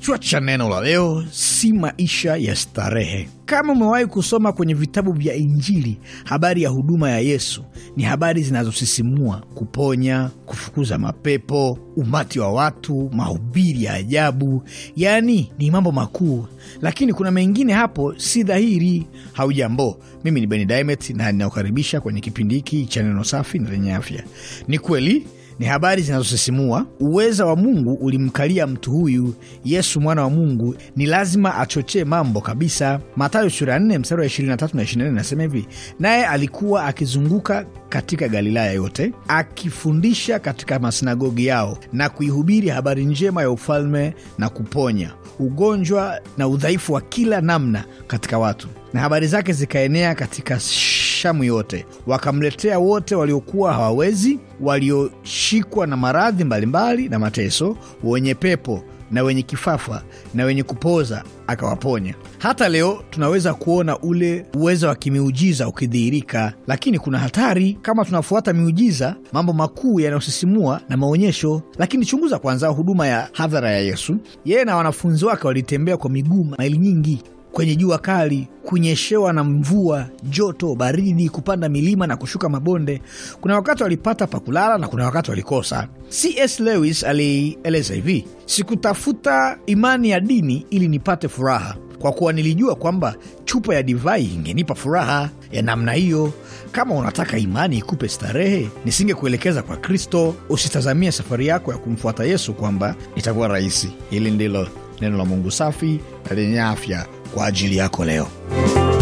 Kichwa cha neno la leo si maisha ya starehe. Kama umewahi kusoma kwenye vitabu vya Injili, habari ya huduma ya Yesu ni habari zinazosisimua: kuponya, kufukuza mapepo, umati wa watu, mahubiri ya ajabu, yaani ni mambo makuu, lakini kuna mengine hapo si dhahiri. Haujambo, mimi ni Beni Dimet na ninakukaribisha kwenye kipindi hiki cha neno safi na lenye afya. Ni kweli ni habari zinazosisimua. Uweza wa Mungu ulimkalia mtu huyu Yesu Yesu mwana wa Mungu ni lazima achochee mambo kabisa. Mathayo sura ya 4 mstari wa 23 na 24 nasema hivi, naye alikuwa akizunguka katika Galilaya yote akifundisha katika masinagogi yao na kuihubiri habari njema ya ufalme na kuponya ugonjwa na udhaifu wa kila namna katika watu, na habari zake zikaenea katika Shamu yote. Wakamletea wote waliokuwa hawawezi, walioshikwa na maradhi mbalimbali na mateso, wenye pepo na wenye kifafa na wenye kupoza akawaponya. Hata leo tunaweza kuona ule uwezo wa kimiujiza ukidhihirika, lakini kuna hatari kama tunafuata miujiza, mambo makuu yanayosisimua na maonyesho. Lakini chunguza kwanza huduma ya hadhara ya Yesu. Yeye na wanafunzi wake walitembea kwa miguu maili nyingi, kwenye jua kali, kunyeshewa na mvua, joto, baridi, kupanda milima na kushuka mabonde. Kuna wakati walipata pa kulala na kuna wakati walikosa. C.S. Lewis alieleza hivi: sikutafuta imani ya dini ili nipate furaha, kwa kuwa nilijua kwamba chupa ya divai ingenipa furaha ya namna hiyo. Kama unataka imani ikupe starehe, nisingekuelekeza kwa Kristo. usitazamia safari yako ya kumfuata Yesu kwamba itakuwa rahisi. Hili ndilo neno la Mungu safi na lenye afya coadiliar com o